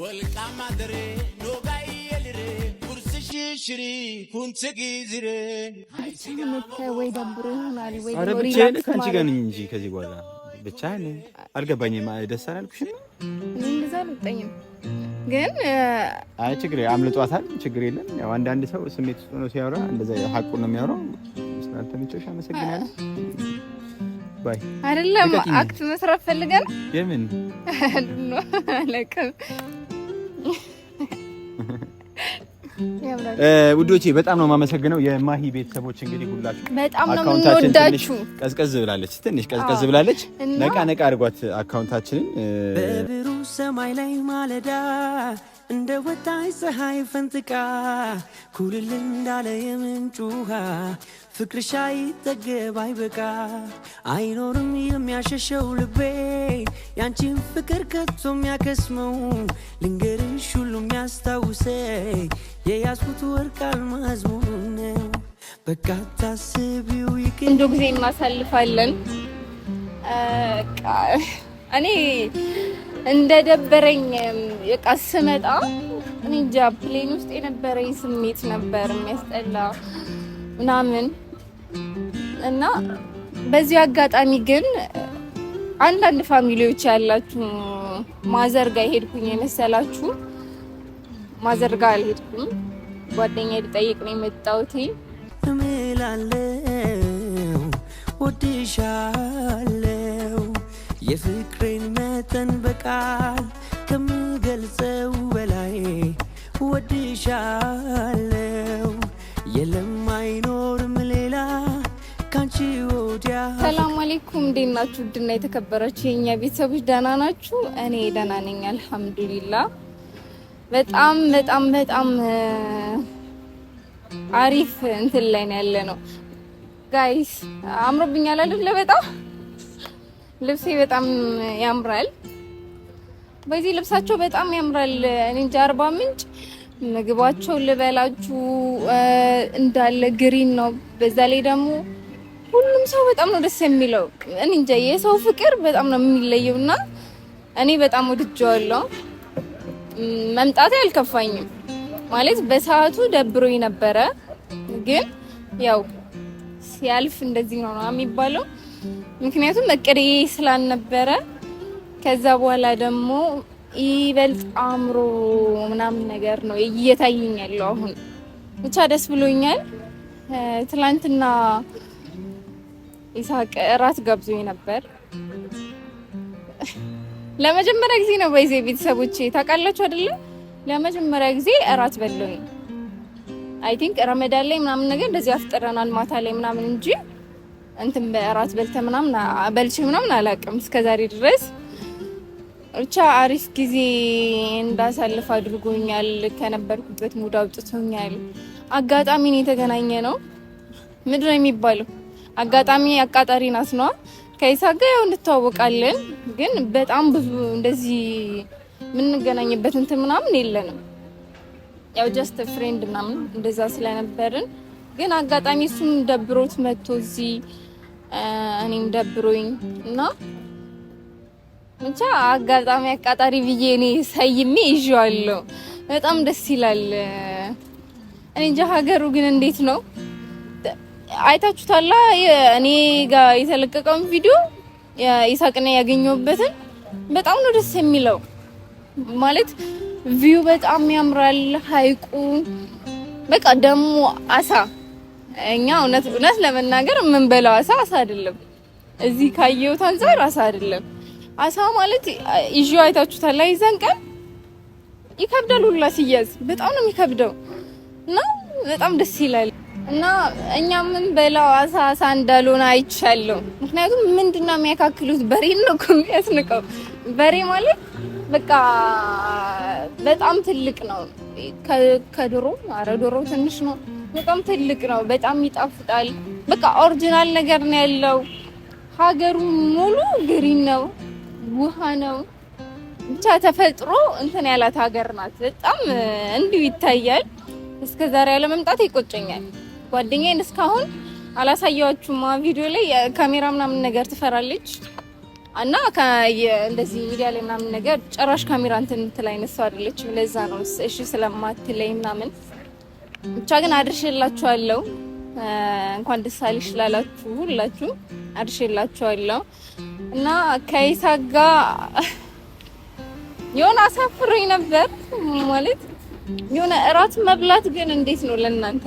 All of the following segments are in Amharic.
Wolqaamadere noogayelire kurssishishiri kunse gizire ወይ ደብሮ ይሆናል ወይ ኧረ ብቻዬን ከአንቺ ጋር ነኝ እንጂ ከዚህ በኋላ ብቻዬን አልገባኝም። ደስ አላልኩሽም? እንደዛ አልወጣኝም ግን አይ ችግር አምልጧታል። ችግር የለም። ያው አንዳንድ ሰው ስሜት ውስጥ ነው ሲያወራ እንደዛ ሀቁ ነው የሚያወራው። ስላልተመቸሽ አመሰግናለሁ። ባይ አይደለም አክት መስራት ፈልገን የምን አለቅም ውዶቼ በጣም ነው የማመሰግነው። የማሂ ቤተሰቦች እንግዲህ ሁላችሁ በጣም ነው የምንወዳችሁ። ቀዝቀዝ ብላለች፣ ትንሽ ቀዝቀዝ ብላለች። ነቃ ነቃ አድርጓት አካውንታችንን ሰማይ ላይ ማለዳ እንደ ወጣይ ፀሐይ ፈንጥቃ ኩልል እንዳለ የምንጩ ውሃ ፍቅርሽ አይጠገብ አይበቃ አይኖርም የሚያሸሸው ልቤ ያንቺን ፍቅር ከቶ የሚያከስመው ልንገርሽ ሁሉ የሚያስታውሰ የያዝኩት ወርቃል አልማዝ መሆኑን ነው። በቃ ይቅ እንዶ ጊዜ እናሳልፋለን እኔ እንደ ደበረኝ በቃ ስመጣ እንጃ ፕሌን ውስጥ የነበረኝ ስሜት ነበር የሚያስጠላ ምናምን እና በዚህ አጋጣሚ ግን አንዳንድ ፋሚሊዎች ያላችሁ ማዘር ጋር ሄድኩኝ የመሰላችሁ ማዘር ጋር አልሄድኩም። ጓደኛ ልጠይቅ ነው የመጣሁት። እምላለው ወድሻለው የፍቅሬን መጠን በቃል ከምገልጸው በላይ ወድሻለው የለም አይኖርም ሌላ ካንቺ ወዲያ። ሰላም አሌይኩም እንዴት ናችሁ? ውድና የተከበራችሁ የእኛ ቤተሰቦች ደህና ናችሁ? እኔ ደህና ነኝ አልሐምዱሊላ። በጣም በጣም በጣም አሪፍ እንትን ላይ ነው ያለ ነው ጋይስ። አምሮብኛል አይደለ? በጣም ልብሴ በጣም ያምራል። በዚህ ልብሳቸው በጣም ያምራል። እኔ እንጃ አርባ ምንጭ ምግባቸው ልበላችሁ እንዳለ ግሪን ነው። በዛ ላይ ደግሞ ሁሉም ሰው በጣም ነው ደስ የሚለው። እኔ እንጃ የሰው ፍቅር በጣም ነው የሚለየው እና እኔ በጣም ወድጄዋለሁ። መምጣቴ አልከፋኝም ማለት በሰዓቱ ደብሮኝ ነበረ፣ ግን ያው ሲያልፍ እንደዚህ ነው ነው የሚባለው ምክንያቱም እቅዴ ስላልነበረ ከዛ በኋላ ደግሞ ይበልጥ አእምሮ ምናምን ነገር ነው እየታየኝ ያለው አሁን። ብቻ ደስ ብሎኛል። ትላንትና ይሳቅ እራት ጋብዞኝ ነበር። ለመጀመሪያ ጊዜ ነው በይዜ ቤተሰቦች ታውቃላችሁ አደለ ለመጀመሪያ ጊዜ እራት በለኝ። አይ ቲንክ ረመዳን ላይ ምናምን ነገር እንደዚህ አፍጥረናል ማታ ላይ ምናምን እንጂ እንትን በእራት በልተ ምናምን በልቼ ምናምን አላውቅም እስከዛሬ ድረስ። ብቻ አሪፍ ጊዜ እንዳሳልፍ አድርጎኛል። ከነበርኩበት ሙድ አውጥቶኛል። አጋጣሚ ነው የተገናኘ ነው። ምድር የሚባለው? አጋጣሚ አቃጣሪ ናት ነዋ። ከይሳ ጋር ያው እንተዋወቃለን፣ ግን በጣም ብዙ እንደዚህ የምንገናኝበት እንትን ምናምን የለንም። ያው ጀስት ፍሬንድ ምናምን እንደዛ ስለነበርን ግን አጋጣሚ እሱም ደብሮት መጥቶ እዚህ እኔም ደብሮኝ እና ብቻ አጋጣሚ አቃጣሪ ብዬ እኔ ሰይሜ ይዤዋለሁ። በጣም ደስ ይላል። እኔ እንጃ ሀገሩ ግን እንዴት ነው አይታችሁታላ? እኔ ጋር የተለቀቀውን ቪዲዮ ይሳቅና ያገኘሁበትን በጣም ነው ደስ የሚለው። ማለት ቪው በጣም ያምራል። ሀይቁ በቃ ደግሞ አሳ እኛ እውነት እውነት ለመናገር የምንበላው አሳ አሳ አይደለም። እዚህ ካየሁት አንፃር አሳ አይደለም። አሳ ማለት ይዤ አይታችሁታል ላይ ዘንቀን ይከብዳል ሁላ ሲያዝ በጣም ነው የሚከብደው እና በጣም ደስ ይላል እና እኛ የምንበላው አሳ አሳ እንዳልሆነ አይቻለሁ። ምክንያቱም ምንድነው የሚያካክሉት በሬ ነው እኮ የሚያስንቀው። በሬ ማለት በቃ በጣም ትልቅ ነው ከዶሮ አረ ዶሮ ትንሽ ነው በጣም ትልቅ ነው። በጣም ይጣፍጣል። በቃ ኦሪጂናል ነገር ነው ያለው። ሀገሩ ሙሉ ግሪን ነው፣ ውሃ ነው። ብቻ ተፈጥሮ እንትን ያላት ሀገር ናት። በጣም እንዲሁ ይታያል። እስከ ዛሬ ያለመምጣት ይቆጨኛል። ጓደኛዬን እስካሁን አላሳያችሁም። ቪዲዮ ላይ ካሜራ ምናምን ነገር ትፈራለች እና እንደዚህ ሚዲያ ላይ ምናምን ነገር ጭራሽ ካሜራ እንትን ትላይ አይነት አይደለችም። ለዛ ነው እሺ ስለማትለይ ምናምን ብቻ ግን አድርሼላችኋለሁ። እንኳን ደስ አለሽ ላላችሁ ሁላችሁ አድርሼላችኋለሁ እና ከይሳቅ ጋር የሆነ አሳፍሮኝ ነበር ማለት የሆነ እራት መብላት ግን እንዴት ነው ለእናንተ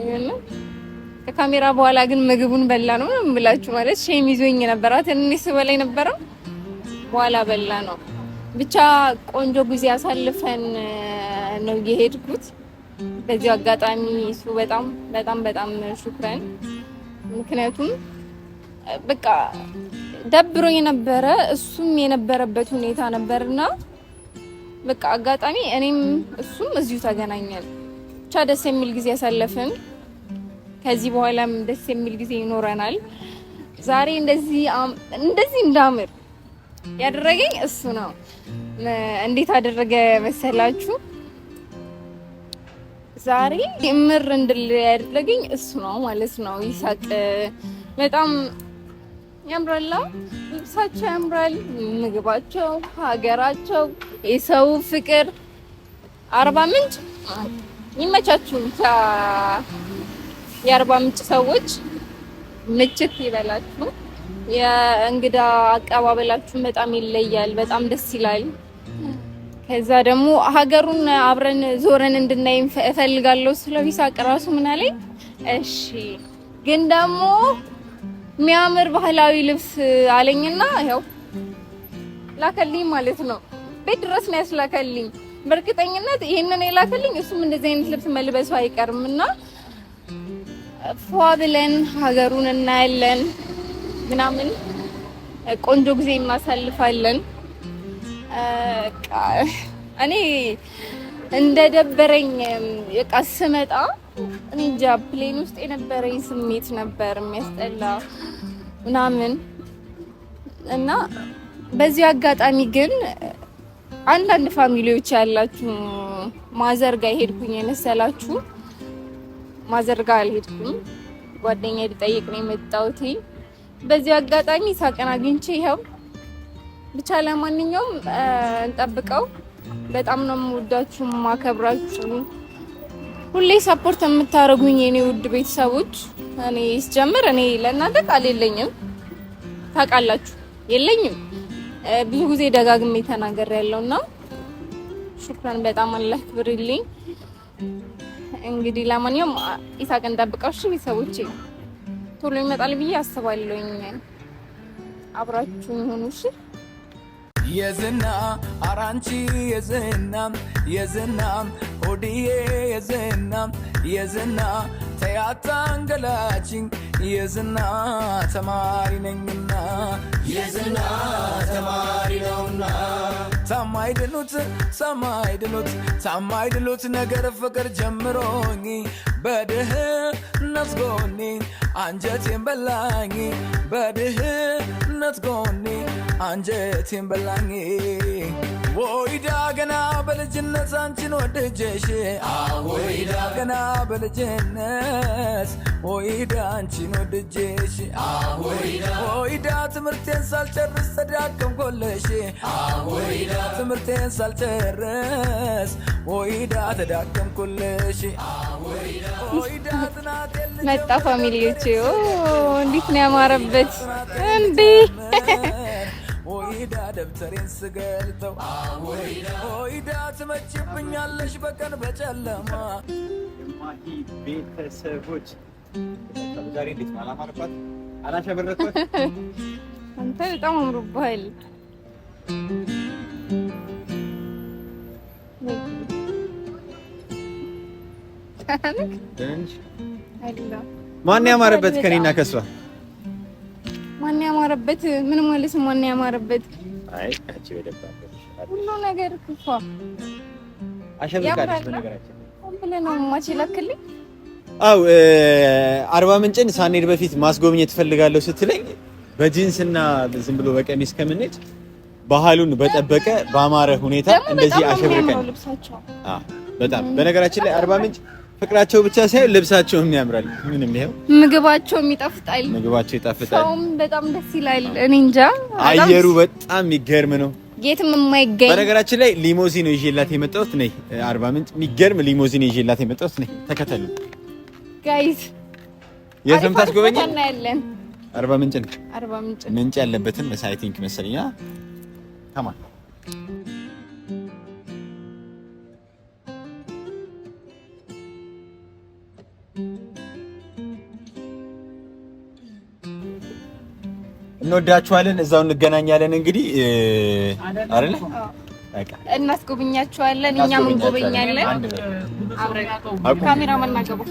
ይሄን ከካሜራ በኋላ ግን ምግቡን በላ ነው የምላችሁ። ማለት ሼም ይዞኝ ነበር አትንኒ ስበላ የነበረው በኋላ በላ ነው። ብቻ ቆንጆ ጊዜ አሳልፈን ነው የሄድኩት። በዚሁ አጋጣሚ እሱ በጣም በጣም በጣም ሹክረን። ምክንያቱም በቃ ደብሮ የነበረ እሱም የነበረበት ሁኔታ ነበርና በቃ አጋጣሚ እኔም እሱም እዚሁ ተገናኛል። ብቻ ደስ የሚል ጊዜ ያሳለፍን፣ ከዚህ በኋላም ደስ የሚል ጊዜ ይኖረናል። ዛሬ እንደዚህ እንደዚህ እንዳምር ያደረገኝ እሱ ነው። እንዴት አደረገ መሰላችሁ? ዛሬ ምር እንድል ያደረገኝ እሱ ነው ማለት ነው። ይሳቅ በጣም ያምራላ። ልብሳቸው ያምራል፣ ምግባቸው፣ ሀገራቸው፣ የሰው ፍቅር። አርባ ምንጭ ይመቻችሁ። የአርባ ምንጭ ሰዎች ምችት ይበላችሁ። የእንግዳ አቀባበላችሁን በጣም ይለያል። በጣም ደስ ይላል። ከዛ ደግሞ ሀገሩን አብረን ዞረን እንድናይ እፈልጋለሁ ስለ ቢሳቅ ራሱ ምን አለኝ። እሺ ግን ደግሞ የሚያምር ባህላዊ ልብስ አለኝና ያው ላከልኝ ማለት ነው። ቤት ድረስ ነው ያስላከልኝ። በእርግጠኝነት ይህንን የላከልኝ እሱም እንደዚህ አይነት ልብስ መልበሱ አይቀርምና ፏ ብለን ሀገሩን እናያለን ምናምን ቆንጆ ጊዜ እናሳልፋለን። እኔ እንደ ደበረኝ በቃ ስመጣ እንጃ ፕሌን ውስጥ የነበረኝ ስሜት ነበር የሚያስጠላ ምናምን እና በዚህ አጋጣሚ ግን አንዳንድ ፋሚሊዎች ያላችሁ ማዘር ጋር የሄድኩኝ የመሰላችሁ ማዘር ጋር አልሄድኩም። ጓደኛ ልጠይቅ ነው የመጣሁት። በዚህ አጋጣሚ ሳቅን አግኝቼ ይኸው ብቻ ለማንኛውም እንጠብቀው። በጣም ነው የምወዳችሁ ማከብራችሁ፣ ሁሌ ሰፖርት የምታደርጉኝ የኔ ውድ ቤተሰቦች። እኔ ስጀምር እኔ ለእናንተ ቃል የለኝም፣ ታውቃላችሁ፣ የለኝም። ብዙ ጊዜ ደጋግሜ ተናገር ያለውና ሹክራን በጣም አላህ ክብርልኝ። እንግዲህ ለማንኛውም ኢሳቅ እንጠብቀው። ቶሎ ይመጣል ብዬ አስባለሁኝ። ሆኑ። እሺ የዝና አራንቺ የዝና የዝና ሆድዬ የዝና የዝና ተያታ አንገላችኝ የዝና ተማሪ ነኝና የዝና ተማሪ ነውና ታማይ ድሉት ታማይ ድሉት ታማይ ድሉት ነገር ፍቅር ጀምሮኝ በድህነት ናስጎኒ አንጀቴን በላኝ በድህ ከልጅነት ጎኔ አንጀቴን በላኝ ወይዳ ገና በልጅነት አንቺን ወደጀሽ ወይዳ ገና በልጅነት ወይዳ አንቺን ወደጀሽ ወይዳ ትምህርቴን ሳልጨርስ ተዳከምኩልሽ ወይዳ ትምህርቴን ሳልጨርስ ወይዳ ተዳከምኩልሽ ወይዳ መጣ ፋሚሊዎች እንዴት ነው ያማረበት እምቢ ወይዳ ደብተሬን ስገልጠው ወይዳ ትመጭብኛለሽ በቀን በጨለማ የማሂ ቤተሰቦች ዛሬ እንዴት ነው አላማርኳት አላሸበረኳት አንተ በጣም አምሮብሃል ማን ያማረበት ከኔና ከሷ ማን ያማረበት ምን ማለት ማን ያማረበት? አይ አንቺ በደባበት ሁሉ ነገር እኮ አሸብርቃለች። በነገራችን ነው ማች ይላክልኝ። አው አርባ ምንጭን ሳንሄድ በፊት ማስጎብኘት እፈልጋለሁ ስትለኝ በጂንስና ዝም ብሎ በቀሚስ ከምንሄድ ባህሉን በጠበቀ በአማረ ሁኔታ እንደዚህ አሸብርቀን በጣም በነገራችን ላይ አርባ ምንጭ ፍቅራቸው ብቻ ሳይሆን ልብሳቸውም ያምራል። ምንም ይሄው ምግባቸውም ይጣፍጣል። ምግባቸው ይጣፍጣል። ሰውም በጣም ደስ ይላል። እኔ እንጃ አየሩ በጣም የሚገርም ነው። ጌትም የማይገኝ በነገራችን ላይ ሊሞዚን ነው ይዤላት የመጣሁት። ነይ አርባ ምንጭ የሚገርም ሊሞዚን ነው ይዤላት የመጣሁት። ነይ ተከተሉ ጋይስ። የትም ታስጎበኝ እናያለን። አርባ ምንጭ ነው። አርባ ምንጭ ምንጭ ያለበትን መሳይ ቲንክ መሰለኛ ተማ እንወዳችኋለን። እዛው እንገናኛለን። እንግዲህ አይደለ እናስጎብኛችኋለን። እኛም እንጎበኛለን። አብረን ካሜራማን እናገባ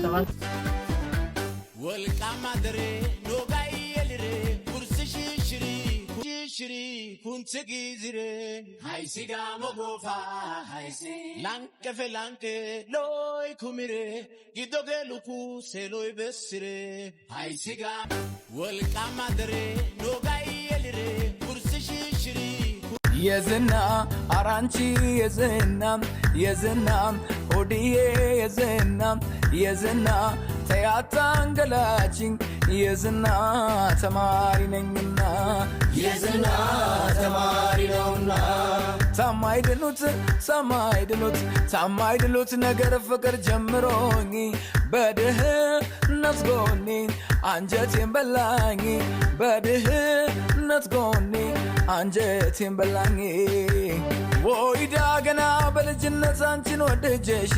kunse gizire haisi gamo gofa haisi lanke fe lanke loy kumire giddo geluku seloy bessire haisi gam wolqama dere nogay elire kursi shishiri የዝና aranchi, የዝና የዝና ሆድዬ የዝና የዝና አታንገላችኝ የዝና ተማሪ ነኝና የዝና ተማሪ ነውና ታማይድሉት ታማይድሉት ታማይድሉት ነገር ፍቅር ጀምሮኝ በድህ ጎኔ አንጀቴን በላኝ በድህ ጎኔ አንጀቴን በላኝ ወይዳ ገና በልጅነት አንቺን ወደጀሽ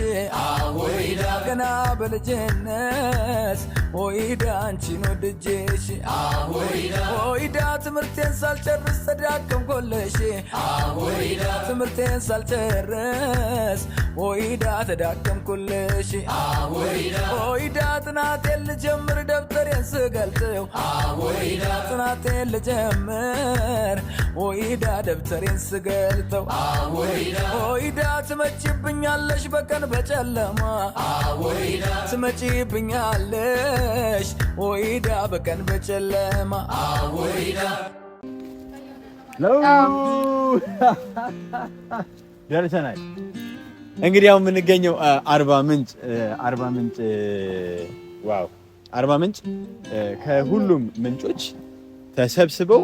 ወይዳ ገና በልጅነት ወይዳ አንቺን ወደጀሽ ወይዳ ትምህርቴን ሳልጨርስ ተዳከም ኮለሽ ወይዳ ትምህርቴን ሳልጨርስ ወይዳ ተዳከም ኮለሽ ጥናቴን ልጀምር ደብተሬን ስገልጥው ጥናቴን ልጀምር ወይዳ ደብተሬን ስገልጠው ወይዳ ትመጪብኛለሽ በቀን በጨለማ ትመጪብኛለሽ ወይዳ በቀን በጨለማ ደርሰናል። እንግዲህ አሁን የምንገኘው አርባ ምንጭ አርባ ምንጭ ዋው! አርባ ምንጭ ከሁሉም ምንጮች ተሰብስበው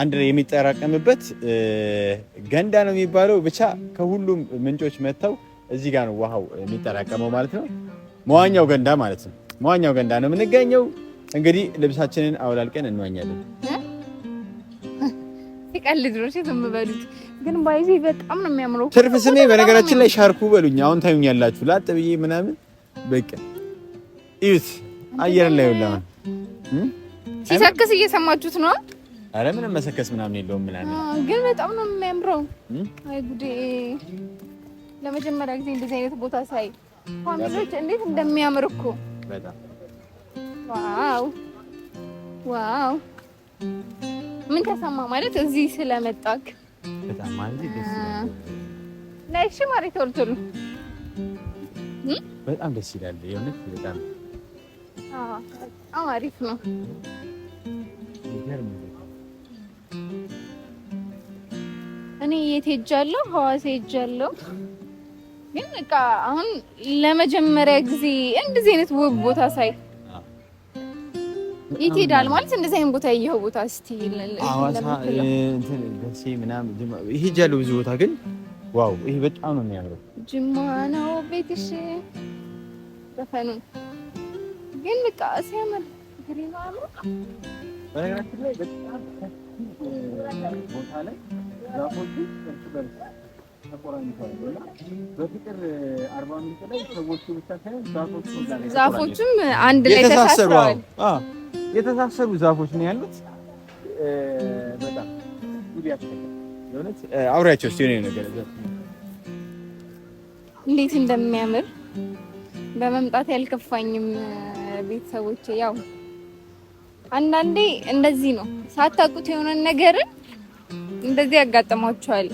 አንድ ላይ የሚጠራቀምበት ገንዳ ነው የሚባለው። ብቻ ከሁሉም ምንጮች መጥተው እዚህ ጋር ነው ውሃው የሚጠራቀመው ማለት ነው። መዋኛው ገንዳ ማለት ነው። መዋኛው ገንዳ ነው የምንገኘው። እንግዲህ ልብሳችንን አውላልቀን እንዋኛለን። ቀልድ ነው ዝም በሉት። ግን ባይዜ በጣም ነው የሚያምረው። ትርፍ ስሜ በነገራችን ላይ ሻርኩ በሉኝ። አሁን ታዩኛላችሁ ላጥ ብዬ ምናምን በቃ እዩት። አየር ላይ ይውላል ሲሰክስ እየሰማችሁት ነው። አረ ምንም መሰከስ ምናምን የለውም ምናምን፣ ግን በጣም ነው የሚያምረው። አይ ጉዴ! ለመጀመሪያ ጊዜ እንደዚህ አይነት ቦታ ሳይ ፋሚሊዎች እንዴት እንደሚያምር እኮ በጣም ዋው ዋው። ምን ተሰማ ማለት እዚህ ስለመጣክ በጣም ማለት ደስ ይላል። ነሽ ማሪ ቶሎ በጣም ደስ ይላል። የእውነት በጣም አሪፍ ነው። እኔ የት ሄጃለሁ? ሐዋሳ ሄጃለሁ። ግን በቃ አሁን ለመጀመሪያ ጊዜ እንደዚህ አይነት ውብ ቦታ ሳይ የት ሄዳል ማለት እንደዚህ አይነት ቦታ ያየኸው ቦታ እስቲ ሐዋሳ እንትን ደሴ ምናምን ሄጃለሁ ብዙ ቦታ ግን ዋው ይሄ በጣም ነው የሚያምረው። ጅማ ነው ቤትሽ በፈኑ ግን በቃ ሲያምር ግሪኑ በነገራችን ላይ በጣም ቦታ ላይ ዛፎቹ እርስ በርስ ዛፎቹም አንድ ላይ ተሳስረዋል። የተሳሰሩ ዛፎች ነው ያሉት። በጣም እስኪ የሆነ ነገር እንዴት እንደሚያምር በመምጣት ያልከፋኝም ቤተሰቦች ያው አንዳንዴ እንደዚህ ነው። ሳታውቁት የሆነ ነገርን እንደዚህ ያጋጥማችኋል።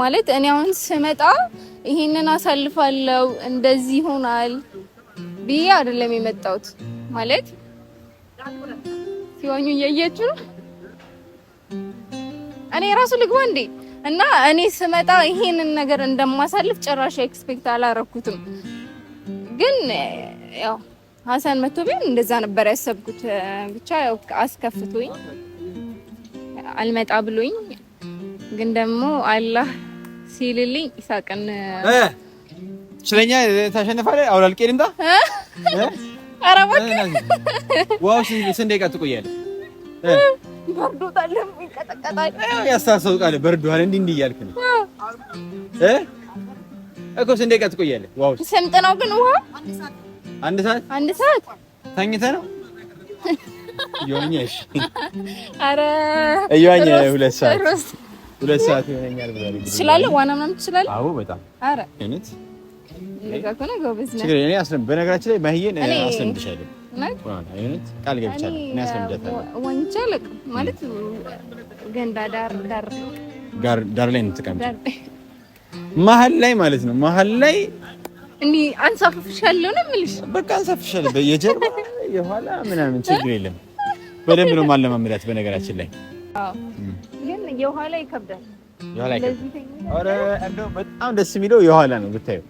ማለት እኔ አሁን ስመጣ ይሄንን አሳልፋለሁ እንደዚህ ይሆናል ብዬ አይደለም የመጣሁት። ማለት ሲዋኙ እያየችሁ ነው። እኔ ራሱ ልግባ እንዴ! እና እኔ ስመጣ ይሄንን ነገር እንደማሳልፍ ጭራሽ ኤክስፔክት አላረኩትም ግን ያው ሀሰን መቶ ቢሆን እንደዛ ነበር ያሰብኩት። ብቻ ያው አስከፍቶኝ አልመጣ ብሎኝ፣ ግን ደግሞ አላህ ሲልልኝ ይሳቅን ስለኛ ታሸንፋለህ። አውላልቄ ልምጣ። ኧረ እባክህ ዋው! ስንት ደቂቃ ትቆያለህ? በርዶታል፣ ይንቀጠቀጣል። ያሳሰው ቃል በርዶሃል። እንዲህ እንዲህ እያልክ ነው እኮ። ስንዴ ደቂቃ ትቆያለህ? ዋው! ስምጥ ነው ግን ውሃ አንድ ሰዓት አንድ ሰዓት ተኝተህ ነው ይሆኛሽ? አረ እያኛ ሁለት ሰዓት ሁለት ሰዓት ይሆነኛል ብላለች። ትችላለህ፣ ዋና ምናምን ትችላለህ? አዎ በጣም ኧረ እውነት በነገራችን ላይ ማህዬን አስለምድሻለሁ። ቃል ገብቻለሁ። እኔ አስለምዳታለሁ። ማለት ገንዳ ዳር ዳር ዳር ላይ ነው መሀል ላይ ማለት ነው መሀል ላይ እኔ አንሳፍፍሻለሁ ነው የምልሽ። በቃ አንሳፍፍሻለሁ፣ የጀርባ የኋላ ምናምን ችግር የለም። በደንብ ነው ማለማመዳት። በነገራችን ላይ ግን የኋላ ይከብዳል። የኋላ ይከብዳል። ኧረ እንደው በጣም ደስ የሚለው የኋላ ነው ብታዩ።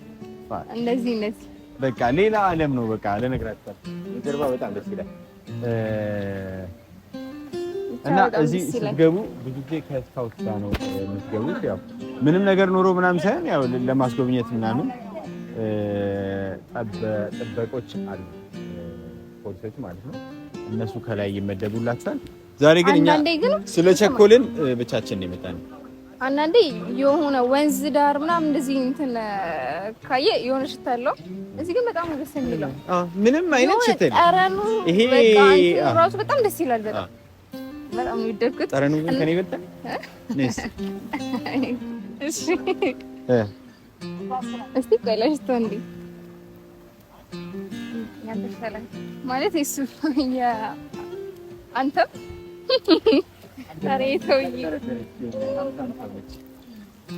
እንደዚህ እንደዚህ በቃ ሌላ ዓለም ነው። በቃ ለነገራችን የጀርባ በጣም ደስ ይላል። እና እዚህ ስትገቡ ብዙ ጊዜ ከስካውት ጋር ነው የምትገቡት። ያው ምንም ነገር ኖሮ ምናምን ሳይሆን ያው ለማስጎብኘት ምናምን ጠበቆች አሉ፣ ፖሊሶች ማለት ነው። እነሱ ከላይ ይመደቡላታል። ዛሬ ግን እኛ ስለ ቸኮልን ብቻችን የመጣን አንዳንዴ የሆነ ወንዝ ዳር ምናምን እንደዚህ እንትን ካየ የሆነ ሽታ አለው። እዚህ ግን በጣም ደስ የሚለው ምንም አይነት ሽታ ጠረኑ፣ ራሱ በጣም ደስ ይላል። በጣም በጣም ነው ጠረኑ። ከኔ በልጠን እስቲ ቆይ ለሽቶ እንዴ ማለት እሱ አንተም ዛሬ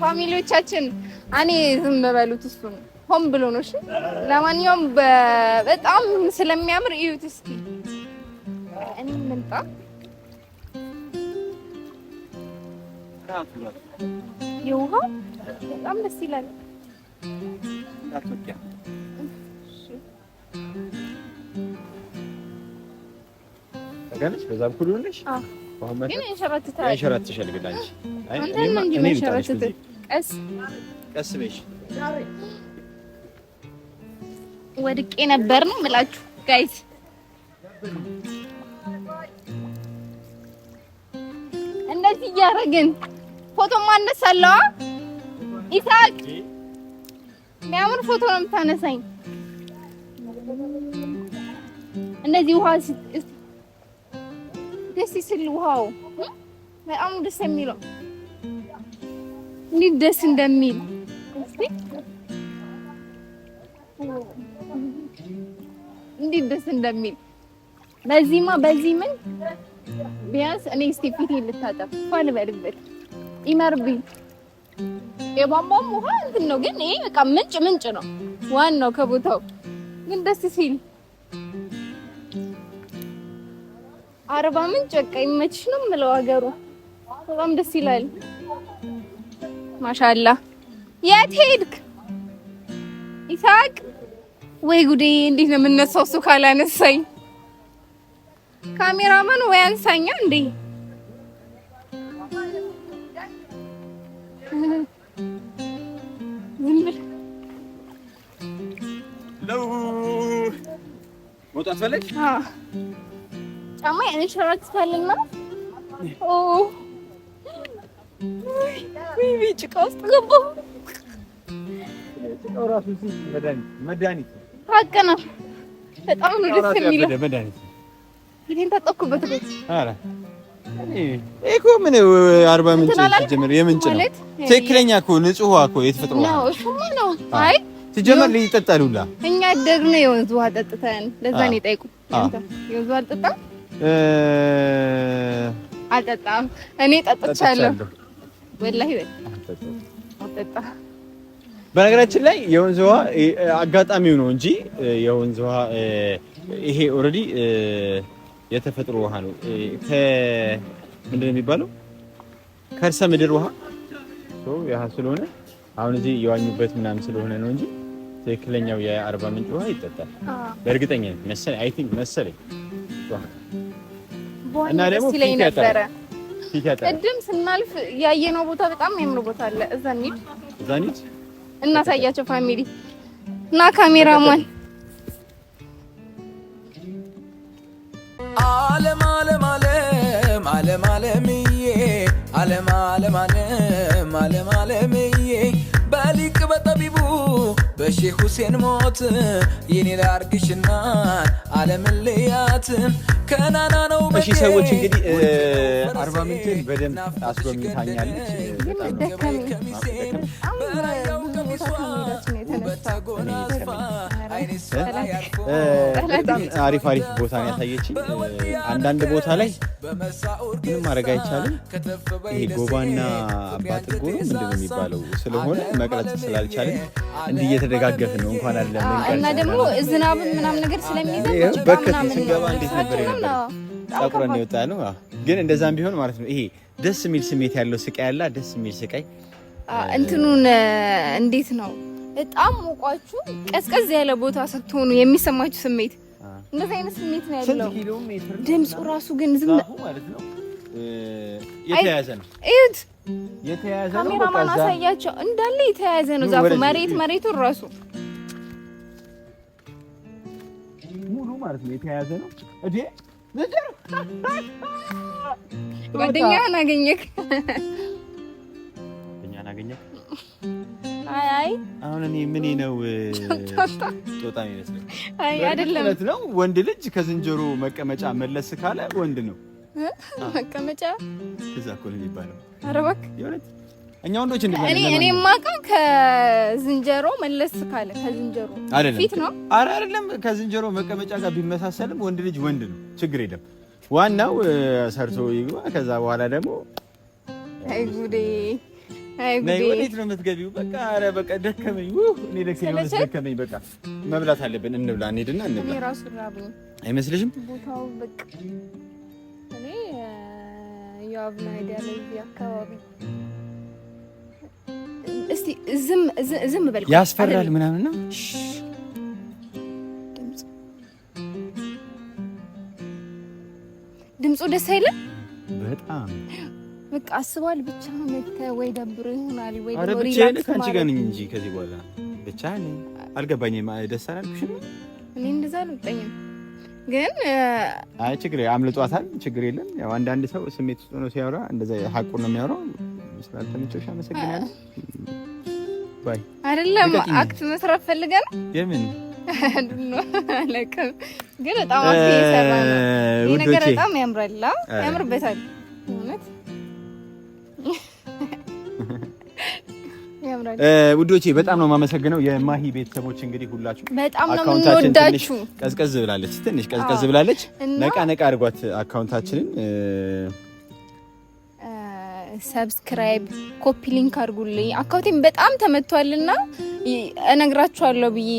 ፋሚሊዎቻችን እኔ ዝም በሉት። እሱ ሆን ብሎ ነው። እሺ ለማንኛውም በጣም ስለሚያምር እዩት እስኪ። እኔ ምንጣ የውሃ በጣም ደስ ይላል። እንዳትወጊያ ታውቂያለሽ። በዛም ኩሉ ነሽ ያንሸራትሻል። ግን አንቺ ቀስ በይሽ። ወድቄ ነበር ነው የምላችሁ ጋይስ እንደዚህ እያደረግን ፎቶ ማነሳለዋ ኢሳቅ የሚያምር ፎቶ ነው የምታነሳኝ። እነዚህ ውሃ ደስ ይስል። ውሃው በጣም ደስ የሚለው እንዴት ደስ እንደሚል እንዴት ደስ እንደሚል በዚህማ በዚህ ምን ቢያንስ እኔ እስቲ ፊቴን ልታጠብ ፋን በልበት ይመርብኝ የቧንቧም ውሃ እንትን ነው፣ ግን ይሄ በቃ ምንጭ ምንጭ ነው ዋናው ከቦታው ግን ደስ ሲል አርባ ምንጭ በቃ ይመችሽ ነው የምለው። ሀገሩ በጣም ደስ ይላል። ማሻላ የት ሄድክ ኢሳቅ? ወይ ጉዴ! እንዴት ነው የምነሳው እሱ ካላነሳኝ? ካሜራማን ወይ አንሳኛ እንዴ! መውጣት ፈለግ ጫማ ኢንሹራንስ ካለኝ ማለት ኦ ቢቢ ጭቃ ውስጥ ገባሁ። ጭቃው ራሱ መድኃኒት መድኃኒት ሀቅ ነው። በጣም ነው ደስ የሚለው መድኃኒት። ይሄን ታጠብኩበት ቤት ኧረ እኮ ምን አርባ ምንጭ ጀምር የምንጭ ነው ትክክለኛ እኮ ንጹህ እኮ የተፈጥሮ ነው። ነው አይ ሲጀመር ሊጠጣሉላ እኛ ደግ ነው የወንዝ ውሃ ጠጥተን ለዛ ነው የጠይቁ የወንዝ ውሃ አልጠጣም አልጠጣም እኔ ጠጥቻለሁ። ወላሂ አልጠጣም። በነገራችን ላይ የወንዝ ውሃ አጋጣሚው ነው እንጂ የወንዝ ውሃ ይሄ ኦልሬዲ የተፈጥሮ ውሃ ነው። ምንድን ነው የሚባለው? ከርሰ ምድር ውሃ ስለሆነ አሁን እዚህ የዋኙበት ምናምን ስለሆነ ነው እንጂ ትክክለኛው የአርባ ምንጭ ውሃ ይጠጣል። በእርግጠኛ መሰለኝ አይ ቲንክ መሰለኝ እና ደግሞ ቅድም ስናልፍ ያየነው ቦታ በጣም የሚያምር ቦታ አለ። እዛ እንሂድ፣ እዛ እንሂድ እናሳያቸው። ፋሚሊ እና ካሜራማን አለም አለም አለም ዓለም ዓለምዬ አለም አለም አለም አለም ዓለምዬ በሊቅ በጠቢቡ በሼህ ሁሴን ሞት የኔ ላርግሽና ዓለምን ከናና ነው። እሺ ሰዎች እንግዲህ አርባ ምንጭን በደንብ አስጎብኝታኛለች። በጣም ነው በጣም አሪፍ አሪፍ ቦታ ነው ያሳየችኝ። አንዳንድ ቦታ ላይ ምንም ማድረግ አይቻልም። ይሄ ጎባና አባት ጎ ምንድን ነው የሚባለው ስለሆነ መቅረጽ ስላልቻለን እንዲህ እየተደጋገፍ ነው እንኳን አለ እና ደግሞ ዝናቡን ምናምን ነገር ስለሚይዘን በከት ስንገባ እንዴት ነበር የነበረ ጠቁረን ይወጣ ነው። ግን እንደዛም ቢሆን ማለት ነው ይሄ ደስ የሚል ስሜት ያለው ስቃይ ያላ ደስ የሚል ስቃይ እንትኑን እንዴት ነው በጣም ሞቋችሁ ቀዝቀዝ ያለ ቦታ ስትሆኑ የሚሰማችሁ ስሜት እንደዚህ አይነት ስሜት ነው ያለው። ድምፁ ራሱ ግን ዝም ማለት ነው የተያዘ ነው። እዩት፣ የተያዘ ነው። ካሜራማን አሳያቸው እንዳለ የተያዘ ነው ዛፉ መሬት መሬቱን ራሱ ሙሉ ማለት ነው የተያዘ ነው። እዴ ጓደኛህን አገኘክ አላገኘም። አይ አይ አሁን እኔ ምን ነው ጦጣ ይመስለኝ? አይ አይደለም ነው ወንድ ልጅ ከዝንጀሮ መቀመጫ መለስ ካለ ወንድ ነው መቀመጫ እዛ እኮ ነው የሚባለው። ኧረ እባክህ እኛ ወንዶች እንደዛ እኔ እኔ የማውቀው ከዝንጀሮ መለስ ካለ ከዝንጀሮ ፊት ነው። አረ አይደለም ከዝንጀሮ መቀመጫ ጋር ቢመሳሰልም ወንድ ልጅ ወንድ ነው። ችግር የለም። ዋናው ሰርቶ ይግባ። ከዛ በኋላ ደግሞ አይ ጉዴ ወዴት ነው የምትገቢው? በቃ ኧረ በቃ ደከመኝ። እኔ ደከመኝ። በቃ መብላት አለብን። እንብላ፣ እንሂድና እንብላ። አይመስልሽም? ቦታው በቃ እኔ አካባቢ እስቲ ዝም ዝም በል ያስፈራል ምናምን ነው ድምፁ ደስ አይልም በጣም በቃ አስቧል። ብቻ ወይ ደብሮ ይሆናል ወይ ከአንቺ ጋር ነኝ እንጂ ከዚህ በኋላ ብቻ አልገባኝም። ደስ አላልኩሽም? እኔ እንደዛ አልወጣኝም ግን አይ ችግር አምልጧታል። ችግር የለም። ያው አንዳንድ ሰው ስሜት ውስጥ ነው ሲያወራ እንደዛ ሀቁ ነው የሚያወራው። ስላልተመቸሽ አመሰግናለሁ። ባይ አይደለም አክት መስራት ፈልገን የምን ግን በጣም አስኪ የሰራ ነው ይሄ ነገር በጣም ያምራል፣ ያምርበታል ውዶቼ በጣም ነው የማመሰግነው። የማሂ ቤተሰቦች እንግዲህ ሁላችሁ በጣም ነው የምንወዳችሁ። ቀዝቀዝ ብላለች፣ ትንሽ ቀዝቀዝ ብላለች። ነቃ ነቃ አድርጓት አካውንታችንን። ሰብስክራይብ፣ ኮፒ ሊንክ አድርጉልኝ። አካውንቴን በጣም ተመቷልና እነግራችኋለሁ ብዬ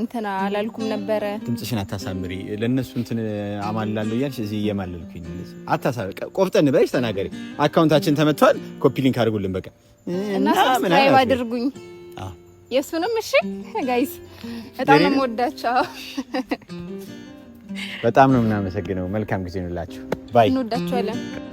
እንትን አላልኩም ነበረ። ድምፅሽን አታሳምሪ። ለእነሱ እንትን አማላለሁ እያልሽ እዚህ እየማለልኩኝ ቆፍጠን በለሽ ተናገሪ። አካውንታችን ተመቷል። ኮፒ ሊንክ አድርጉልን በቃ እና ሰብስክራይብ አድርጉኝ። የእሱንም እሺ ጋይስ፣ በጣም ነው የምወዳቸው። በጣም ነው የምናመሰግነው። መልካም ጊዜ እንላችሁ። ባይ። እንወዳችኋለን።